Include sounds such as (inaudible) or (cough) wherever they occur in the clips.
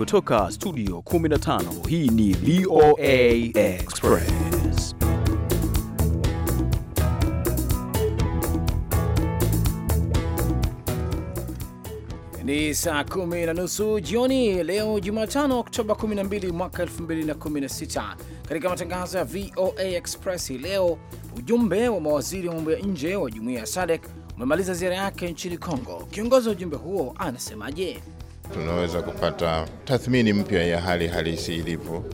Kutoka studio 15 hii ni VOA Express. Ni saa kumi na nusu jioni leo Jumatano, Oktoba 12 mwaka 2016. Katika matangazo ya VOA Express hii leo, ujumbe wa mawaziri wa mambo ya nje wa jumuiya ya SADC umemaliza ziara yake nchini Kongo. Kiongozi wa ujumbe huo anasemaje? tunaweza kupata tathmini mpya ya hali halisi ilivyo,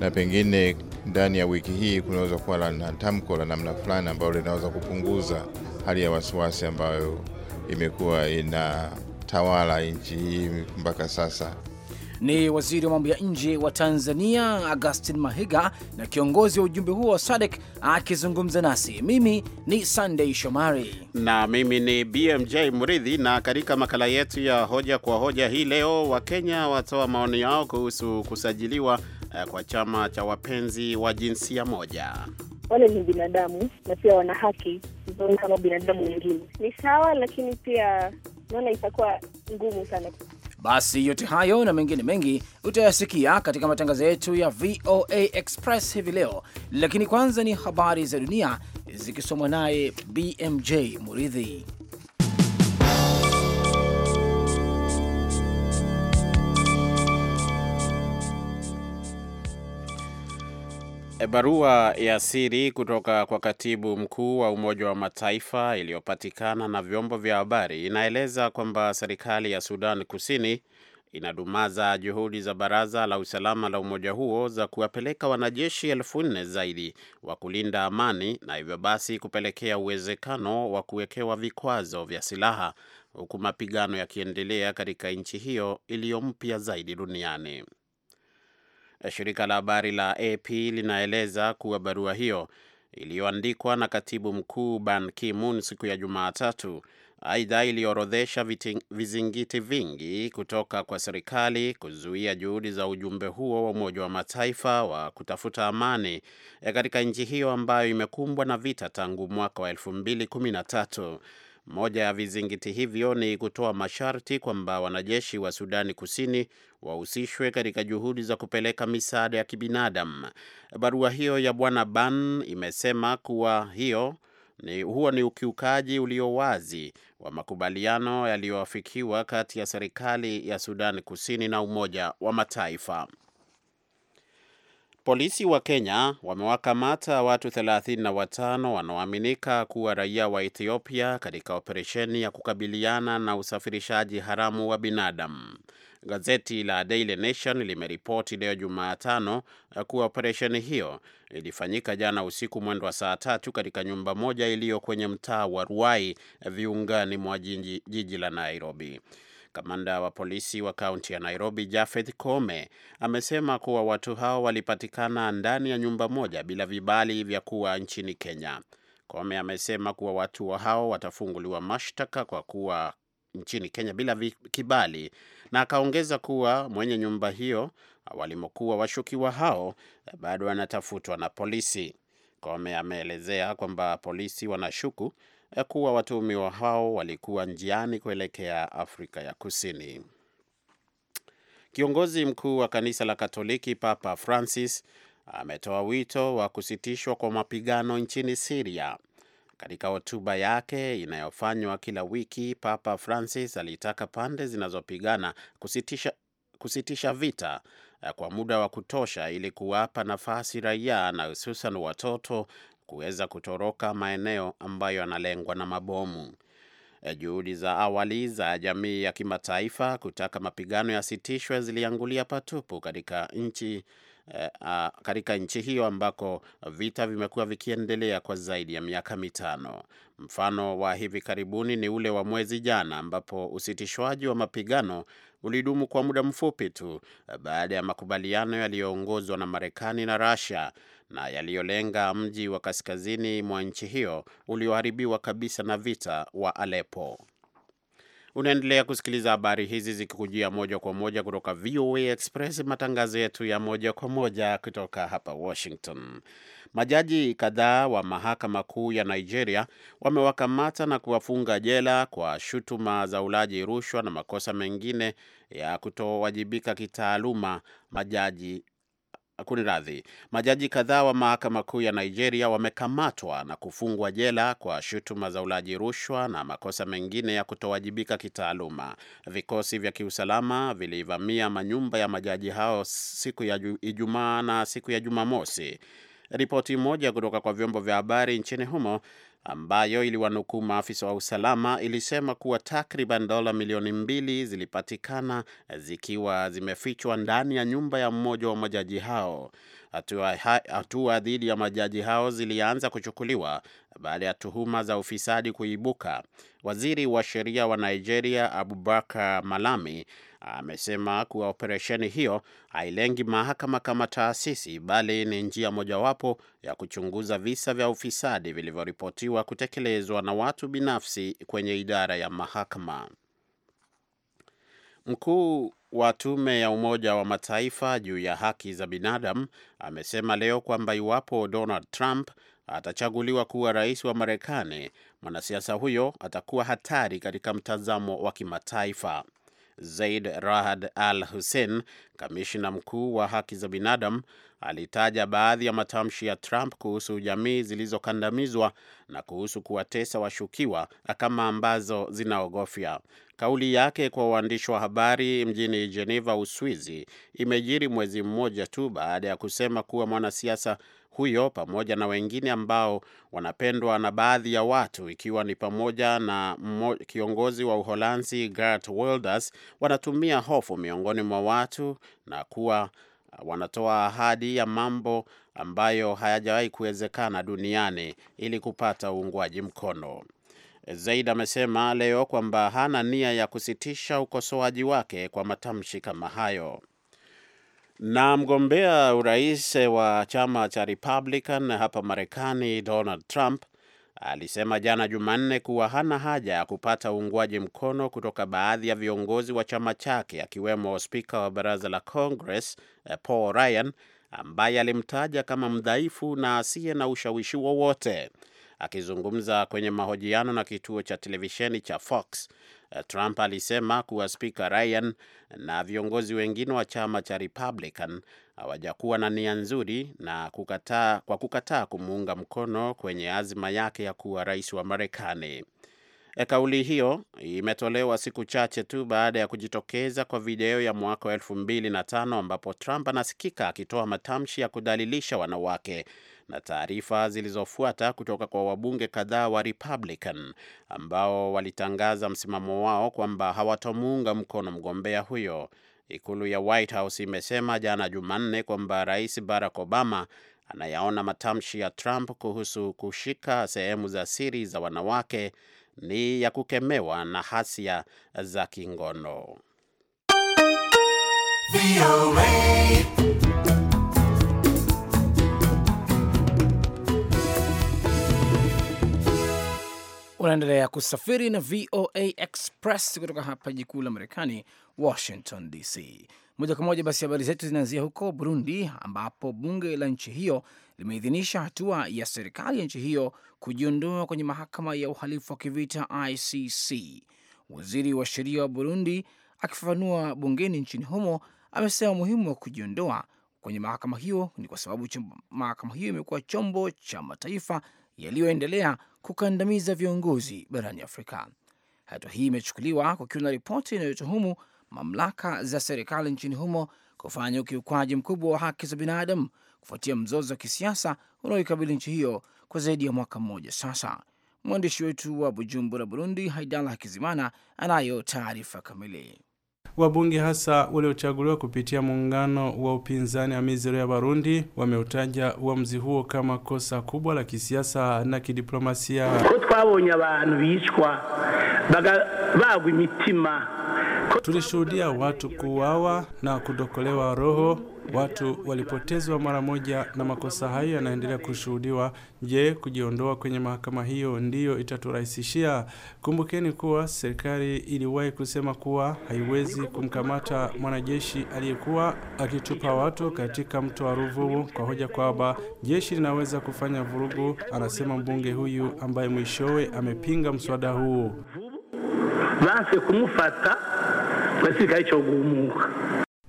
na pengine ndani ya wiki hii kunaweza kuwa na tamko la namna fulani ambalo linaweza kupunguza hali ya wasiwasi ambayo imekuwa inatawala nchi hii mpaka sasa ni waziri wa mambo ya nje wa Tanzania Augustin Mahiga na kiongozi wa ujumbe huo wa SADC akizungumza nasi. Mimi ni Sunday Shomari na mimi ni BMJ Mridhi, na katika makala yetu ya hoja kwa hoja hii leo, Wakenya watoa maoni yao kuhusu kusajiliwa eh, kwa chama cha wapenzi wa jinsia moja. Wale ni binadamu na pia wana haki kama binadamu wengine. Ni sawa, lakini pia naona itakuwa ngumu sana basi yote hayo na mengine mengi utayasikia katika matangazo yetu ya VOA Express hivi leo, lakini kwanza ni habari za dunia zikisomwa naye BMJ Muridhi. Eh, barua ya siri kutoka kwa katibu mkuu wa Umoja wa Mataifa iliyopatikana na vyombo vya habari inaeleza kwamba serikali ya Sudan Kusini inadumaza juhudi za Baraza la Usalama la umoja huo za kuwapeleka wanajeshi elfu nne zaidi wa kulinda amani na hivyo basi kupelekea uwezekano wa kuwekewa vikwazo vya silaha huku mapigano yakiendelea katika nchi hiyo iliyo mpya zaidi duniani. Shirika la habari la AP linaeleza kuwa barua hiyo iliyoandikwa na katibu mkuu Ban Ki-moon siku ya Jumatatu aidha iliorodhesha vizingiti vingi kutoka kwa serikali kuzuia juhudi za ujumbe huo wa Umoja wa Mataifa wa kutafuta amani eh, katika nchi hiyo ambayo imekumbwa na vita tangu mwaka wa 2013. Moja ya vizingiti hivyo ni kutoa masharti kwamba wanajeshi wa Sudani Kusini wahusishwe katika juhudi za kupeleka misaada ya kibinadamu. Barua hiyo ya Bwana Ban imesema kuwa hiyo ni, huo ni ukiukaji ulio wazi wa makubaliano yaliyoafikiwa kati ya serikali ya Sudani Kusini na Umoja wa Mataifa. Polisi wa Kenya wamewakamata watu 35 wanaoaminika kuwa raia wa Ethiopia katika operesheni ya kukabiliana na usafirishaji haramu wa binadamu. Gazeti la Daily Nation limeripoti leo Jumatano kuwa operesheni hiyo ilifanyika jana usiku mwendo wa saa tatu katika nyumba moja iliyo kwenye mtaa wa Ruai viungani mwa jiji la Nairobi. Kamanda wa polisi wa kaunti ya Nairobi, Jafeth Kome, amesema kuwa watu hao walipatikana ndani ya nyumba moja bila vibali vya kuwa nchini Kenya. Kome amesema kuwa watu hao watafunguliwa mashtaka kwa kuwa nchini Kenya bila kibali, na akaongeza kuwa mwenye nyumba hiyo walimokuwa washukiwa hao bado wanatafutwa na polisi. Kome ameelezea kwamba polisi wanashuku ya kuwa watuhumiwa hao walikuwa njiani kuelekea Afrika ya Kusini. Kiongozi mkuu wa kanisa la Katoliki Papa Francis ametoa wito wa kusitishwa kwa mapigano nchini Siria. Katika hotuba yake inayofanywa kila wiki, Papa Francis alitaka pande zinazopigana kusitisha, kusitisha vita eh, kwa muda wa kutosha ili kuwapa nafasi raia na hususan watoto kuweza kutoroka maeneo ambayo yanalengwa na mabomu. E, juhudi za awali za jamii ya kimataifa kutaka mapigano yasitishwe ziliangulia patupu katika nchi eh, katika nchi hiyo ambako vita vimekuwa vikiendelea kwa zaidi ya miaka mitano. Mfano wa hivi karibuni ni ule wa mwezi jana ambapo usitishwaji wa mapigano ulidumu kwa muda mfupi tu e, baada ya makubaliano yaliyoongozwa na Marekani na Russia na yaliyolenga mji wa kaskazini mwa nchi hiyo ulioharibiwa kabisa na vita wa Aleppo. Unaendelea kusikiliza habari hizi zikikujia moja kwa moja kutoka VOA Express, matangazo yetu ya moja kwa moja kutoka hapa Washington. Majaji kadhaa wa mahakama kuu ya Nigeria wamewakamata na kuwafunga jela kwa shutuma za ulaji rushwa na makosa mengine ya kutowajibika kitaaluma, majaji Kuniradhi, majaji kadhaa wa mahakama kuu ya Nigeria wamekamatwa na kufungwa jela kwa shutuma za ulaji rushwa na makosa mengine ya kutowajibika kitaaluma. Vikosi vya kiusalama vilivamia manyumba ya majaji hao siku ya Ijumaa na siku ya Jumamosi ripoti moja kutoka kwa vyombo vya habari nchini humo ambayo iliwanukuu maafisa wa usalama ilisema kuwa takriban dola milioni mbili zilipatikana zikiwa zimefichwa ndani ya nyumba ya mmoja wa majaji hao. Hatua dhidi ya majaji hao zilianza kuchukuliwa baada ya tuhuma za ufisadi kuibuka. Waziri wa sheria wa Nigeria Abubakar Malami amesema kuwa operesheni hiyo hailengi mahakama kama taasisi, bali ni njia mojawapo ya kuchunguza visa vya ufisadi vilivyoripotiwa kutekelezwa na watu binafsi kwenye idara ya mahakama. Mkuu wa tume ya Umoja wa Mataifa juu ya haki za binadamu amesema leo kwamba iwapo Donald Trump atachaguliwa kuwa rais wa Marekani, mwanasiasa huyo atakuwa hatari katika mtazamo wa kimataifa. Zaid Rahad Al Hussein, kamishna mkuu wa haki za binadamu, alitaja baadhi ya matamshi ya Trump kuhusu jamii zilizokandamizwa na kuhusu kuwatesa washukiwa kama ambazo zinaogofya. Kauli yake kwa waandishi wa habari mjini Geneva, Uswizi, imejiri mwezi mmoja tu baada ya kusema kuwa mwanasiasa huyo pamoja na wengine ambao wanapendwa na baadhi ya watu ikiwa ni pamoja na kiongozi wa Uholanzi Geert Wilders wanatumia hofu miongoni mwa watu na kuwa uh, wanatoa ahadi ya mambo ambayo hayajawahi kuwezekana duniani ili kupata uungwaji mkono. Zaid amesema leo kwamba hana nia ya kusitisha ukosoaji wake kwa matamshi kama hayo. Na mgombea urais wa chama cha Republican hapa Marekani, Donald Trump alisema jana Jumanne kuwa hana haja ya kupata uungwaji mkono kutoka baadhi ya viongozi wa chama chake akiwemo spika wa baraza la Congress eh, Paul Ryan ambaye alimtaja kama mdhaifu na asiye na ushawishi wowote. Akizungumza kwenye mahojiano na kituo cha televisheni cha Fox, eh, Trump alisema kuwa spika Ryan na viongozi wengine wa chama cha Republican hawajakuwa na nia nzuri na kukataa, kwa kukataa kumuunga mkono kwenye azima yake ya kuwa rais wa Marekani. E, kauli hiyo imetolewa siku chache tu baada ya kujitokeza kwa video ya mwaka wa elfu mbili na tano ambapo Trump anasikika akitoa matamshi ya kudhalilisha wanawake na taarifa zilizofuata kutoka kwa wabunge kadhaa wa Republican ambao walitangaza msimamo wao kwamba hawatomuunga mkono mgombea huyo. Ikulu ya White House imesema jana Jumanne kwamba Rais Barack Obama anayaona matamshi ya Trump kuhusu kushika sehemu za siri za wanawake ni ya kukemewa na hasia za kingono. Unaendelea kusafiri na VOA Express kutoka hapa jikuu la Marekani, Washington DC. Moja kwa moja basi, habari zetu zinaanzia huko Burundi, ambapo bunge la nchi hiyo limeidhinisha hatua ya serikali ya nchi hiyo kujiondoa kwenye mahakama ya uhalifu wa kivita ICC. Waziri wa sheria wa Burundi akifafanua bungeni nchini humo amesema umuhimu wa kujiondoa kwenye mahakama hiyo ni kwa sababu mahakama hiyo imekuwa chombo cha mataifa yaliyoendelea kukandamiza viongozi barani Afrika. Hatua hii imechukuliwa kukiwa na ripoti inayotuhumu mamlaka za serikali nchini humo kufanya ukiukwaji mkubwa wa haki za binadamu kufuatia mzozo wa kisiasa unaoikabili nchi hiyo kwa zaidi ya mwaka mmoja sasa. Mwandishi wetu wa Bujumbura, Burundi, Haidala Hakizimana anayo taarifa kamili. Wabunge hasa waliochaguliwa kupitia muungano wa upinzani Amizero ya Barundi wameutaja uamuzi huo kama kosa kubwa la kisiasa na kidiplomasia. ko twabonye abantu bishwa bagwa imitima, tulishuhudia watu kuuawa na kudokolewa roho watu walipotezwa mara moja, na makosa hayo yanaendelea kushuhudiwa. Je, kujiondoa kwenye mahakama hiyo ndiyo itaturahisishia? Kumbukeni kuwa serikali iliwahi kusema kuwa haiwezi kumkamata mwanajeshi aliyekuwa akitupa watu katika mto wa Ruvubu kwa hoja kwamba jeshi linaweza kufanya vurugu, anasema mbunge huyu ambaye mwishowe amepinga mswada huo. banse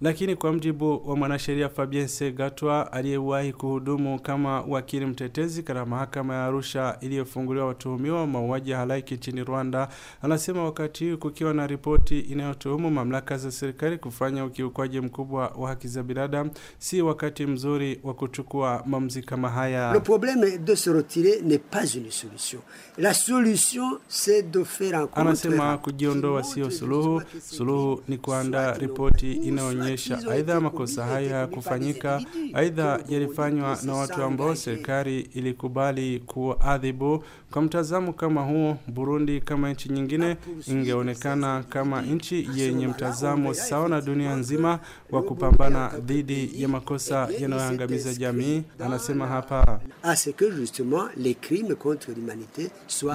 lakini kwa mjibu wa mwanasheria Fabien Segatwa aliyewahi kuhudumu kama wakili mtetezi katika mahakama ya Arusha iliyofunguliwa watuhumiwa wa mauaji ya halaiki nchini Rwanda, anasema wakati huu kukiwa na ripoti inayotuhumu mamlaka za serikali kufanya ukiukwaji mkubwa wa haki za binadamu, si wakati mzuri wa kuchukua maamuzi kama haya. Le probleme de se retirer n'est pas une solution. La solution c'est de faire un. Anasema kujiondoa sio suluhu. Suluhu ni kuandaa ripoti inayo kuonyesha aidha makosa hayo kufanyika, aidha yalifanywa na watu ambao serikali ilikubali kuadhibu kwa mtazamo kama huo, Burundi kama nchi nyingine ingeonekana kama nchi yenye mtazamo sawa na dunia nzima wa kupambana dhidi ya makosa yanayoangamiza jamii, anasema hapa. Ah,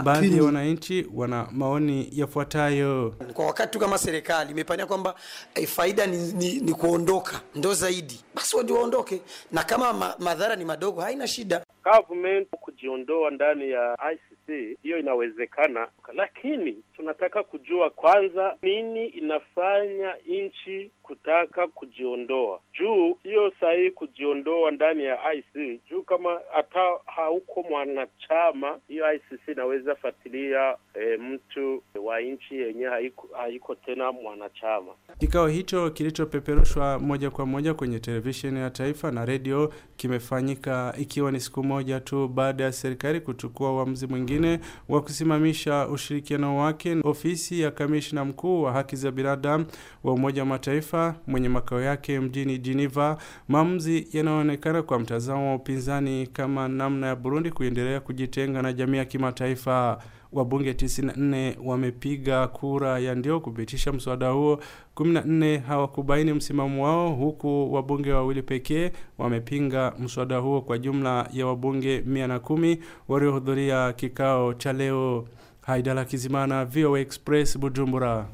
Baadhi ya wananchi wana maoni yafuatayo. Kwa wakati kama serikali imepania kwamba eh, faida ni, ni, ni kuondoka ndo zaidi, basi wadi waondoke, na kama ma, madhara ni madogo haina shida. Government kujiondoa ndani ya IC hiyo inawezekana, lakini tunataka kujua kwanza nini inafanya nchi kutaka kujiondoa juu hiyo sahihi kujiondoa ndani ya IC juu kama hata hauko mwanachama hiyo ICC inaweza fuatilia e, mtu wa nchi yenye haiko, haiko tena mwanachama. Kikao hicho kilichopeperushwa moja kwa moja kwenye televisheni ya taifa na redio kimefanyika ikiwa ni siku moja tu baada ya serikali kuchukua uamuzi mwingine wa kusimamisha ushirikiano wake ofisi ya kamishna mkuu wa haki za binadamu wa Umoja wa Mataifa kimataifa mwenye makao yake mjini Geneva, maamuzi yanayoonekana kwa mtazamo wa upinzani kama namna ya Burundi kuendelea kujitenga na jamii ya kimataifa. Wabunge 94 wamepiga kura ya ndio kupitisha mswada huo, 14 hawakubaini msimamo wao, huku wabunge wawili pekee wamepinga mswada huo kwa jumla ya wabunge 110 waliohudhuria kikao cha leo. Haidala Kizimana, VOA Express, Bujumbura.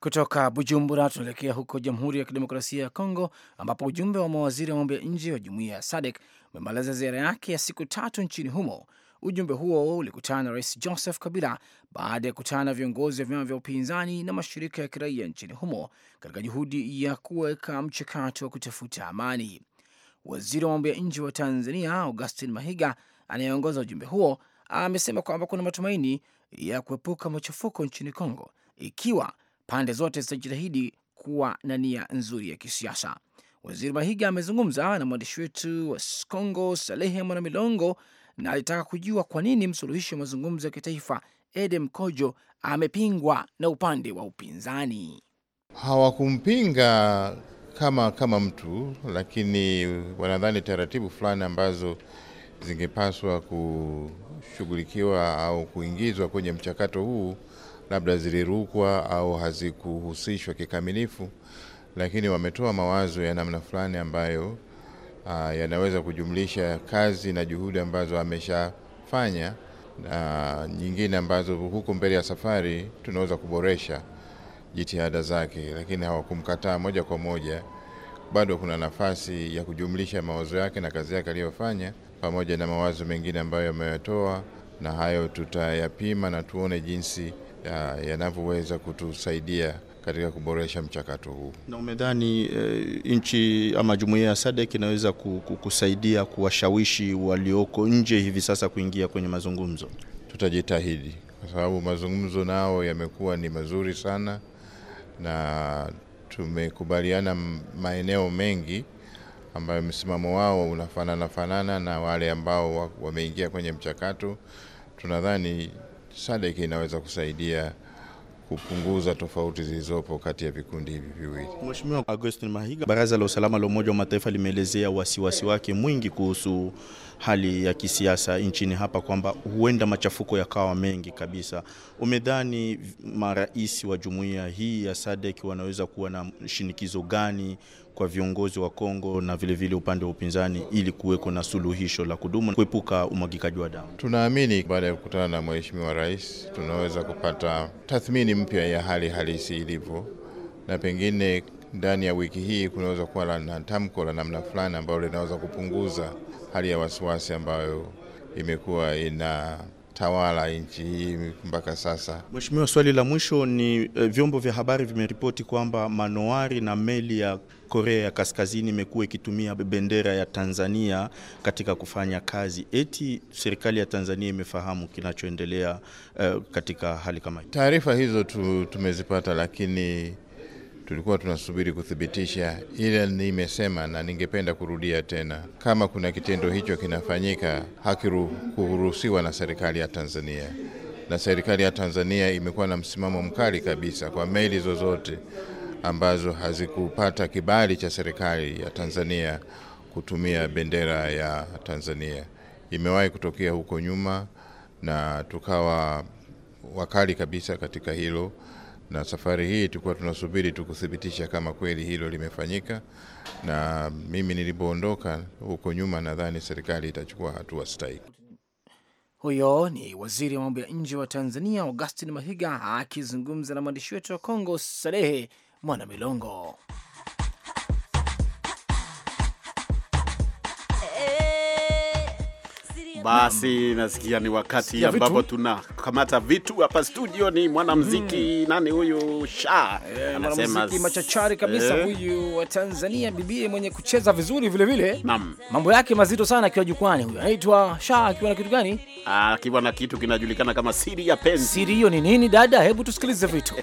Kutoka Bujumbura tunaelekea huko Jamhuri ya Kidemokrasia ya Kongo, ambapo ujumbe wa mawaziri wa mambo ya nje wa jumuiya ya SADC umemaliza ziara yake ya siku tatu nchini humo. Ujumbe huo ulikutana na Rais Joseph Kabila baada ya kukutana na viongozi wa vyama vya upinzani na mashirika ya kiraia nchini humo katika juhudi ya kuweka mchakato wa kutafuta amani. Waziri wa mambo ya nje wa Tanzania Augustin Mahiga anayeongoza ujumbe huo amesema kwamba kuna matumaini ya kuepuka machafuko nchini Kongo ikiwa Pande zote zitajitahidi kuwa na nia nzuri ya kisiasa. Waziri Mahiga amezungumza na mwandishi wetu wa Kongo Salehe Mwanamilongo na alitaka kujua kwa nini msuluhishi wa mazungumzo ya kitaifa Edem Kojo amepingwa na upande wa upinzani. Hawakumpinga kama kama mtu, lakini wanadhani taratibu fulani ambazo zingepaswa kushughulikiwa au kuingizwa kwenye mchakato huu labda zilirukwa au hazikuhusishwa kikamilifu, lakini wametoa mawazo ya namna fulani ambayo uh, yanaweza kujumlisha kazi na juhudi ambazo ameshafanya na uh, nyingine ambazo huku mbele ya safari tunaweza kuboresha jitihada zake, lakini hawakumkataa moja kwa moja. Bado kuna nafasi ya kujumlisha mawazo yake na kazi yake aliyofanya pamoja na mawazo mengine ambayo ameyatoa, na hayo tutayapima na tuone jinsi yanavyoweza kutusaidia katika kuboresha mchakato huu. Na umedhani e, nchi ama jumuiya ya SADC inaweza kusaidia kuwashawishi walioko nje hivi sasa kuingia kwenye mazungumzo? Tutajitahidi kwa sababu mazungumzo nao yamekuwa ni mazuri sana na tumekubaliana maeneo mengi ambayo msimamo wao unafanana fanana na wale ambao wameingia kwenye mchakato. Tunadhani SADC inaweza kusaidia kupunguza tofauti zilizopo kati ya vikundi hivi viwili. Mheshimiwa Augustin Mahiga, Baraza la Usalama la Umoja wa Mataifa limeelezea wasiwasi wake mwingi kuhusu hali ya kisiasa nchini hapa kwamba huenda machafuko yakawa mengi kabisa. Umedhani marais wa jumuiya hii ya SADC wanaweza kuwa na shinikizo gani kwa viongozi wa Kongo na vilevile vile upande wa upinzani ili kuweko na suluhisho la kudumu kuepuka umwagikaji wa damu. Tunaamini baada ya kukutana na Mheshimiwa Rais tunaweza kupata tathmini mpya ya hali halisi ilivyo, na pengine ndani ya wiki hii kunaweza kuwa na tamko la namna fulani ambalo linaweza kupunguza hali ya wasiwasi ambayo imekuwa ina kutawala nchi hii mpaka sasa. Mheshimiwa, swali la mwisho ni eh, vyombo vya habari vimeripoti kwamba manowari na meli ya Korea ya Kaskazini imekuwa ikitumia bendera ya Tanzania katika kufanya kazi. Eti serikali ya Tanzania imefahamu kinachoendelea uh, katika hali kama hii? Taarifa hizo tu, tumezipata lakini tulikuwa tunasubiri kuthibitisha, ile nimesema na ningependa kurudia tena, kama kuna kitendo hicho kinafanyika, hakiruhusiwa na serikali ya Tanzania na serikali ya Tanzania imekuwa na msimamo mkali kabisa kwa meli zozote ambazo hazikupata kibali cha serikali ya Tanzania kutumia bendera ya Tanzania. Imewahi kutokea huko nyuma na tukawa wakali kabisa katika hilo na safari hii tulikuwa tunasubiri tukuthibitisha kama kweli hilo limefanyika, na mimi nilipoondoka huko nyuma, nadhani serikali itachukua hatua stahiki. Huyo ni waziri wa mambo ya nje wa Tanzania Augustin Mahiga akizungumza na mwandishi wetu wa Kongo Salehe Mwana Milongo. Basi nasikia ni wakati ambapo tunakamata vitu hapa studio. Ni mwanamuziki hmm, nani huyu Sha? Yeah, anasema machachari kabisa eh. huyu wa Tanzania, bibie mwenye kucheza vizuri vile vile. Naam, mambo yake mazito sana akiwa jukwani. Huyu anaitwa Sha akiwa na kitu gani? Akiwa na kitu kinajulikana kama siri ya penzi. Siri hiyo ni nini dada? Hebu tusikilize vitu (laughs)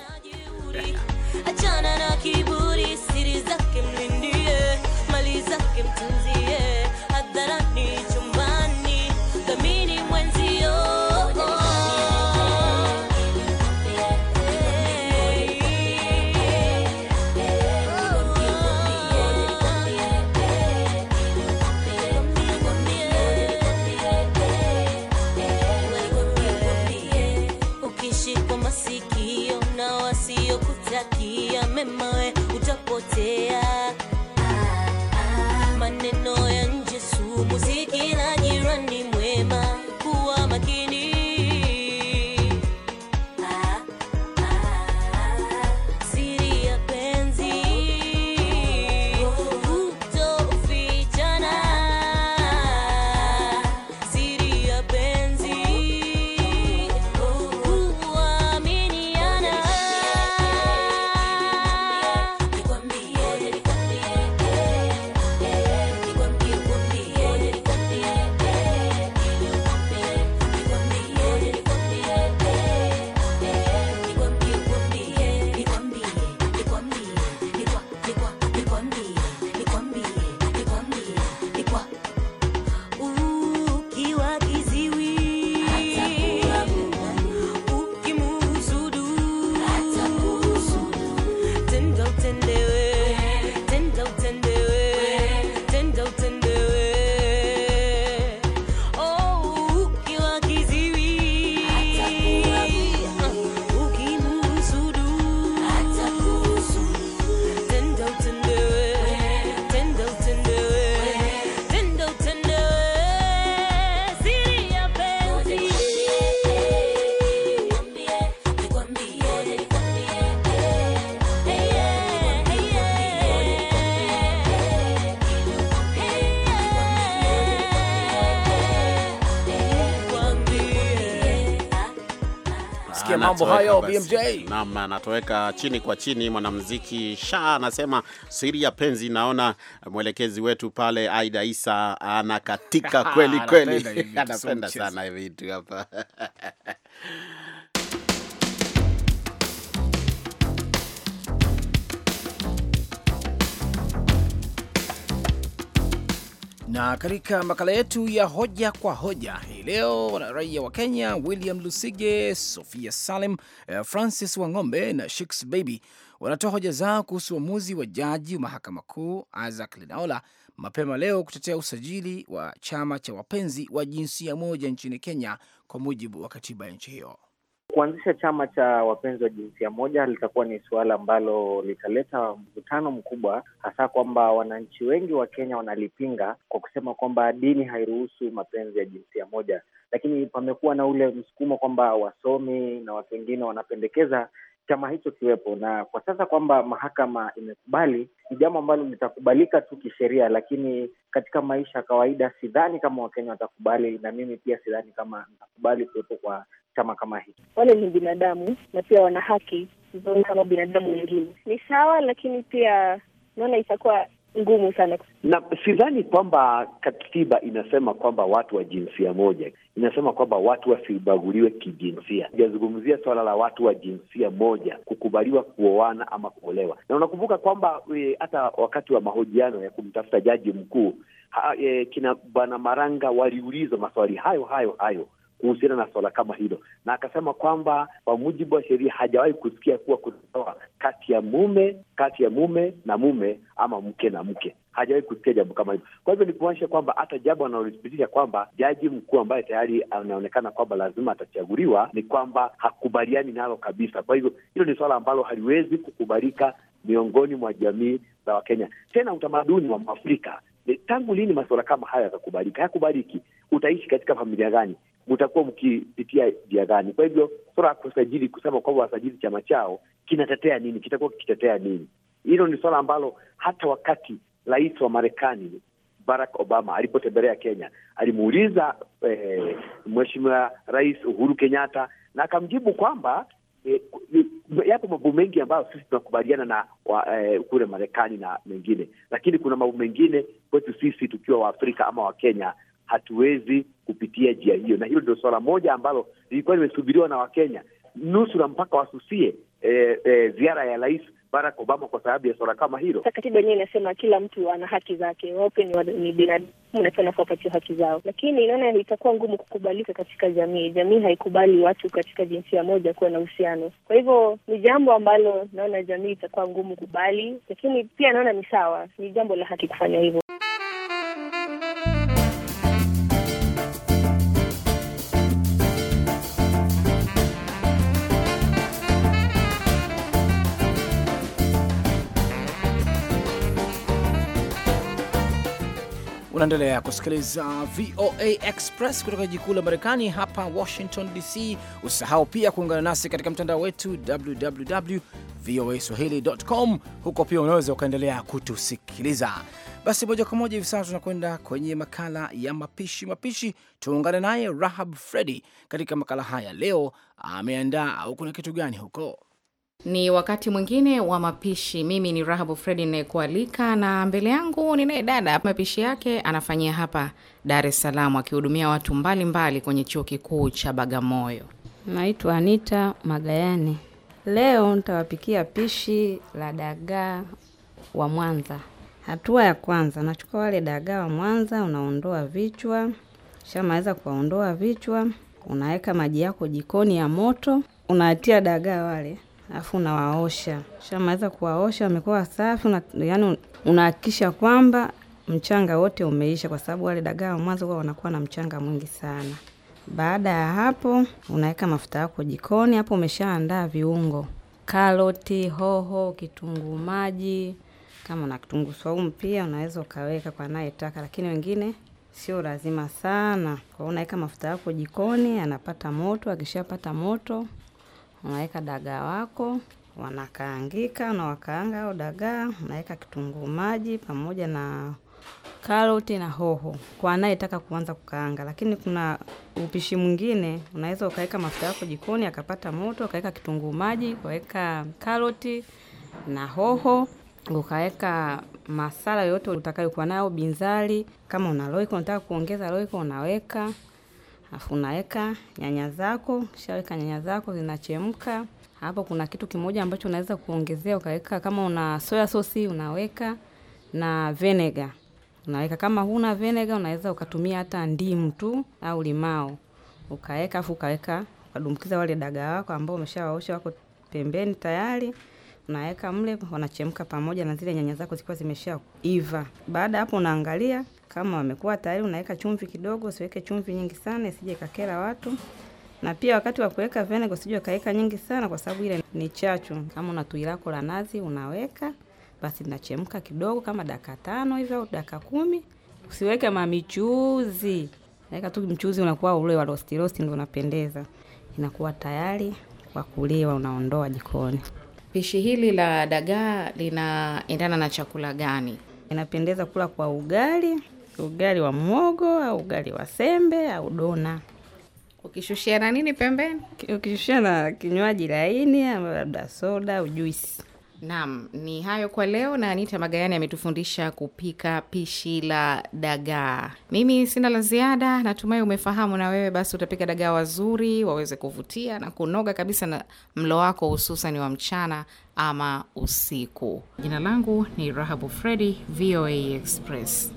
mambo hayo BMJ. Naam, anatoweka chini kwa chini. Mwanamuziki Sha anasema siri ya penzi. Naona mwelekezi wetu pale Aida Isa anakatika (laughs) kweli kweli, anapenda (laughs) sana vitu hapa (laughs) Na katika makala yetu ya hoja kwa hoja hii leo, raia wa Kenya William Lusige, Sofia Salem, eh, Francis Wang'ombe na Shiks Baby wanatoa hoja zao kuhusu uamuzi wa jaji wa mahakama kuu Isaac Lenaola mapema leo kutetea usajili wa chama cha wapenzi wa jinsia moja nchini Kenya kwa mujibu wa katiba ya nchi hiyo. Kuanzisha chama cha wapenzi wa jinsia moja litakuwa ni suala ambalo litaleta mvutano mkubwa, hasa kwamba wananchi wengi wa Kenya wanalipinga kwa kusema kwamba dini hairuhusu mapenzi ya jinsia moja, lakini pamekuwa na ule msukumo kwamba wasomi na watu wengine wanapendekeza chama hicho kiwepo, na kwa sasa kwamba mahakama imekubali ni jambo ambalo litakubalika tu kisheria, lakini katika maisha ya kawaida sidhani kama Wakenya watakubali, na mimi pia sidhani kama nitakubali kuwepo kwa chama kama hiki. Wale ni binadamu na pia wana haki kama binadamu wengine. Ni sawa, lakini pia naona itakuwa ngumu sana, na sidhani kwamba katiba inasema kwamba watu wa jinsia moja, inasema kwamba watu wasibaguliwe kijinsia. Ijazungumzia swala la watu wa jinsia moja kukubaliwa kuoana ama kuolewa, na unakumbuka kwamba e, hata wakati wa mahojiano ya kumtafuta jaji mkuu ha, e, kina bwana Maranga waliulizwa maswali hayo hayo hayo kuhusiana na swala kama hilo, na akasema kwamba kwa mujibu wa sheria hajawahi kusikia kuwa kutoa kati ya mume kati ya mume na mume ama mke na mke hajawahi kusikia jambo kama hilo. Kwa hivyo ni kwamba hata jambo analolithibitisha kwamba jaji mkuu ambaye tayari anaonekana kwamba lazima atachaguliwa ni kwamba hakubaliani nalo kabisa. Kwa hivyo hilo ni suala ambalo haliwezi kukubalika miongoni mwa jamii za Wakenya, tena utamaduni wa Mwafrika. Tangu lini masuala kama haya yatakubalika? Hayakubaliki. Utaishi katika familia gani? mtakuwa mkipitia njia gani? Kwa hivyo swala ya kusajili, kusema kwamba wasajili chama chao kinatetea nini, kitakuwa kikitetea nini? Hilo ni swala ambalo hata wakati rais wa Marekani Barack Obama alipotembelea Kenya alimuuliza eh, mheshimiwa rais Uhuru Kenyatta na akamjibu kwamba eh, yapo mambo mengi ambayo sisi tunakubaliana na wa, eh, kule Marekani na mengine, lakini kuna mambo mengine kwetu sisi tukiwa Waafrika ama Wakenya hatuwezi kupitia njia hiyo, na hilo ndio suala moja ambalo lilikuwa limesubiriwa na Wakenya nusura mpaka wasusie eh, eh, ziara ya Rais Barack Obama kwa sababu ya swala kama hilo. Katiba yenyewe inasema kila mtu ana haki zake, wape ni binadamu na kuwapatia haki zao, lakini inaona itakuwa ngumu kukubalika katika jamii. Jamii haikubali watu katika jinsia moja kuwa na uhusiano, kwa hivyo ni jambo ambalo naona jamii itakuwa ngumu kubali, lakini pia naona ni sawa, ni jambo la haki kufanya hivyo. Unaendelea kusikiliza VOA Express kutoka jiji kuu la Marekani hapa Washington DC. usahau pia kuungana nasi katika mtandao wetu www voa swahili.com. Huko pia unaweza ukaendelea kutusikiliza. Basi moja kwa moja hivi sasa tunakwenda kwenye makala ya mapishi mapishi. Tuungane naye Rahab Fredi katika makala haya leo. Ameandaa au kuna kitu gani huko? Ni wakati mwingine wa mapishi. Mimi ni Rahabu Fredi inayekualika na mbele yangu ninaye dada mapishi yake anafanyia hapa Dar es Salaam, akihudumia watu mbalimbali mbali kwenye chuo kikuu cha Bagamoyo. Naitwa Anita Magayani. Leo nitawapikia pishi la dagaa wa Mwanza. Hatua ya kwanza, nachukua wale dagaa wa Mwanza, unaondoa vichwa. Shamaweza kuwaondoa vichwa, unaweka maji yako jikoni ya moto, unaatia dagaa wale alafu unawaosha. Shamaliza kuwaosha wamekuwa safi, una, yani unahakikisha kwamba mchanga wote umeisha, kwa sababu wale dagaa wa mwanzo huwa wanakuwa na mchanga mwingi sana. Baada ya hapo, unaweka mafuta yako jikoni. Hapo umeshaandaa viungo, karoti, hoho, kitunguu maji. Kama na kitunguu saumu pia unaweza ukaweka kwa anayetaka, lakini wengine sio lazima sana. Kwa hiyo unaweka mafuta yako jikoni, anapata moto. Akishapata moto, unaweka dagaa wako wanakaangika, na wakaanga au dagaa, unaweka kitunguu maji pamoja na karoti na hoho kwa anayetaka kuanza kukaanga. Lakini kuna upishi mwingine, unaweza ukaweka mafuta yako jikoni akapata moto, ukaweka kitunguu maji, ukaweka karoti na hoho, ukaweka masala yoyote utakayokuwa nayo, binzari. Kama una roiko, unataka kuongeza roiko, unaweka Afu unaweka nyanya zako, ushaweka nyanya zako zinachemka. Hapo kuna kitu kimoja ambacho unaweza kuongezea ukaweka, kama una soya sosi unaweka na venega unaweka. Kama huna venega unaweza ukatumia hata ndimu tu au limao ukaweka, afu ukaweka ukadumkiza wale dagaa wako ambao umeshawaosha wako pembeni tayari unaweka mle, wanachemka pamoja na zile nyanya zako zikiwa zimeshaiva. Baada ya hapo, unaangalia kama wamekuwa tayari, unaweka chumvi kidogo, usiweke chumvi nyingi sana isije kakera watu na pia wakati wa kuweka vinegar usije kaweka nyingi sana, kwa sababu ile ni chachu. Kama una tui lako la nazi unaweka, basi linachemka kidogo kama dakika tano hivyo au dakika kumi. Usiweke mamichuzi, weka tu mchuzi, unakuwa ule wa roast roast, ndio unapendeza. Inakuwa tayari kwa kuliwa, unaondoa jikoni. Pishi hili la dagaa linaendana na chakula gani? Inapendeza kula kwa ugali ugali wa mwogo au ugali wa sembe au dona, ukishushia na nini pembeni, ukishushia na kinywaji laini ama labda soda au juisi. Naam, ni hayo kwa leo, na Anita Magayani ametufundisha kupika pishi la dagaa. Mimi sina la ziada, natumai umefahamu na wewe basi utapika dagaa wazuri waweze kuvutia na kunoga kabisa na mlo wako, hususan wa mchana ama usiku. Jina langu ni Rahabu Fredi, VOA Express.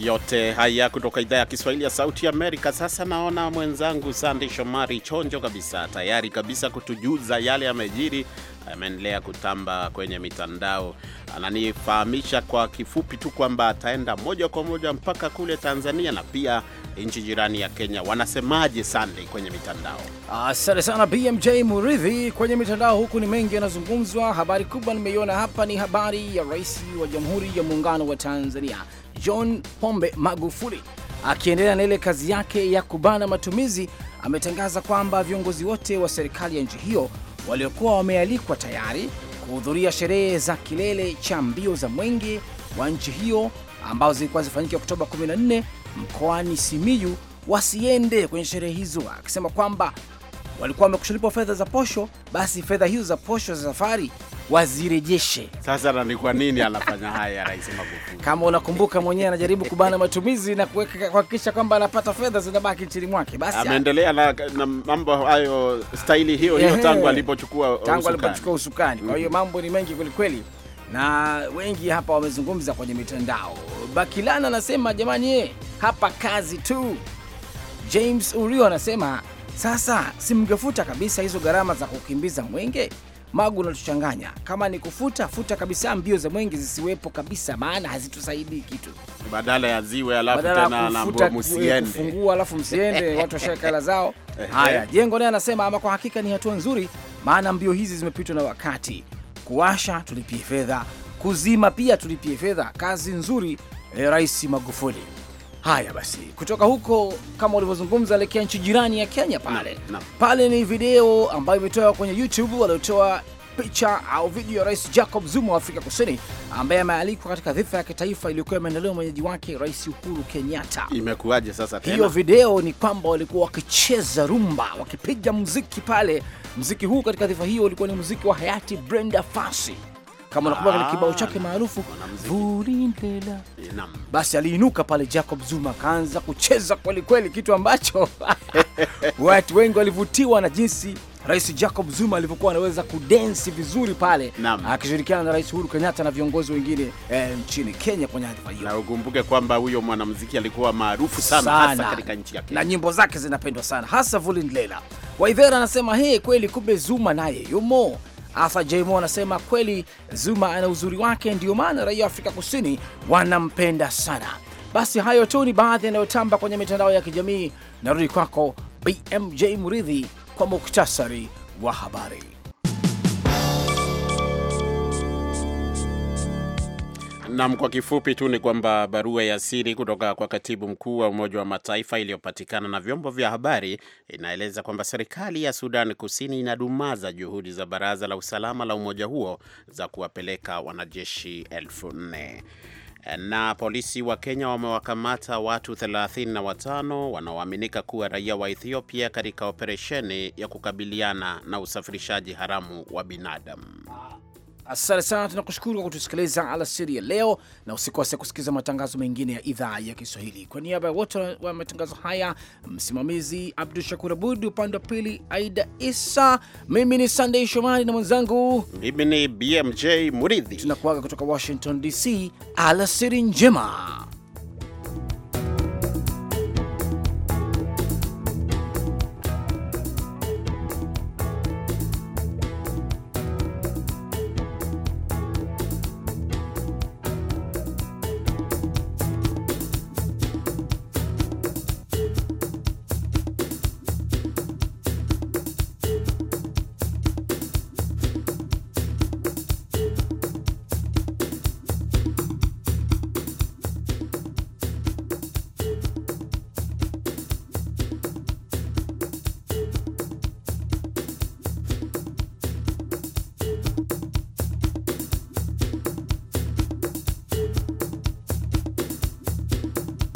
Yote haya kutoka idhaa ya Kiswahili ya Sauti Amerika. Sasa naona mwenzangu Sandi Shomari chonjo kabisa, tayari kabisa kutujuza yale yamejiri, ameendelea kutamba kwenye mitandao. Ananifahamisha kwa kifupi tu kwamba ataenda moja kwa moja mpaka kule Tanzania na pia nchi jirani ya Kenya wanasemaje, Sunday, kwenye mitandao? Asante sana BMJ Muridhi. Kwenye mitandao huku ni mengi yanazungumzwa. Habari kubwa nimeiona hapa ni habari ya rais wa Jamhuri ya Muungano wa Tanzania John Pombe Magufuli akiendelea na ile kazi yake ya kubana matumizi. Ametangaza kwamba viongozi wote wa serikali ya nchi hiyo waliokuwa wamealikwa tayari kuhudhuria sherehe za kilele cha mbio za mwenge wa nchi hiyo ambazo zilikuwa zifanyike Oktoba 14 mkoani Simiyu wasiende kwenye sherehe hizo, akisema kwamba walikuwa wamekushalipwa fedha za posho, basi fedha hizo za posho za safari wazirejeshe. Sasa ni kwa nini anafanya haya Rais Magufuli? Kama unakumbuka mwenyewe anajaribu kubana matumizi na kuweka kuhakikisha kwamba anapata fedha zinabaki nchini mwake. Basi ameendelea na, na mambo hayo staili hiyo hiyo tangu alipochukua tangu alipochukua usukani. Kwa hiyo mm-hmm. mambo ni mengi kwelikweli na wengi hapa wamezungumza kwenye mitandao. Bakilana anasema jamani, eh, hapa kazi tu. James Urio anasema sasa simgefuta kabisa hizo gharama za kukimbiza mwenge. Magu unatuchanganya, kama ni kufuta futa kabisa, mbio za mwenge zisiwepo kabisa, maana hazitusaidii kitu, badala ya ziwe alafu tena msiende, kufungua alafu msiende (laughs) watu washaweka hela zao. Haya, Jengo naye anasema ama kwa hakika ni hatua nzuri, maana mbio hizi zimepitwa na wakati kuwasha tulipie fedha, kuzima pia tulipie fedha. Kazi nzuri eh, Rais Magufuli. Haya basi, kutoka huko kama ulivyozungumza, elekea nchi jirani ya Kenya pale no, no. Pale ni video ambayo imetoka kwenye YouTube waliotoa picha au video ya Rais Jacob Zuma wa Afrika Kusini ambaye amealikwa katika dhifa ya kitaifa iliyokuwa imeandaliwa mwenyeji wake Rais Uhuru Kenyatta. Imekuwaje sasa tena? Hiyo video ni kwamba walikuwa wakicheza rumba, wakipiga muziki pale. Muziki huu katika dhifa hiyo ulikuwa ni muziki wa hayati Brenda Fassie kama unakumbuka ah, kibao chake maarufu Vulindela. Basi aliinuka pale Jacob Zuma akaanza kucheza kweli kweli, kitu ambacho (laughs) watu wengi walivutiwa na jinsi Rais Jacob Zuma alivyokuwa anaweza kudensi vizuri pale akishirikiana na Rais Uhuru Kenyatta na viongozi wengine e, nchini Kenya kwenye hadhifa hiyo. Na ukumbuke kwamba huyo mwanamuziki alikuwa maarufu sana, sana, hasa katika nchi yake Na nyimbo zake zinapendwa sana hasa Vulindlela. Waithera anasema hey, kweli kumbe Zuma naye yumo. Arthur Jmo anasema kweli Zuma ana uzuri wake, ndio maana raia wa Afrika Kusini wanampenda sana. Basi hayo tu ni baadhi yanayotamba kwenye mitandao ya kijamii. Narudi kwako BMJ Muridhi kwa muktasari wa habari. Nam, kwa kifupi tu ni kwamba barua ya siri kutoka kwa katibu mkuu wa Umoja wa Mataifa iliyopatikana na vyombo vya habari inaeleza kwamba serikali ya Sudan Kusini inadumaza juhudi za Baraza la Usalama la umoja huo za kuwapeleka wanajeshi elfu nne. Na polisi wa Kenya wamewakamata watu 35 wanaoaminika kuwa raia wa Ethiopia katika operesheni ya kukabiliana na usafirishaji haramu wa binadamu. Asante sana, tunakushukuru kwa kutusikiliza alasiri ya leo, na usikose kusikiliza matangazo mengine ya idhaa ya Kiswahili. Kwa niaba ya wote wa matangazo haya, msimamizi Abdu Shakur Abud, upande wa pili Aida Isa, mimi ni Sandey Shomari na mwenzangu mimi ni BMJ Muridhi, tunakuaga kutoka Washington DC. Alasiri njema.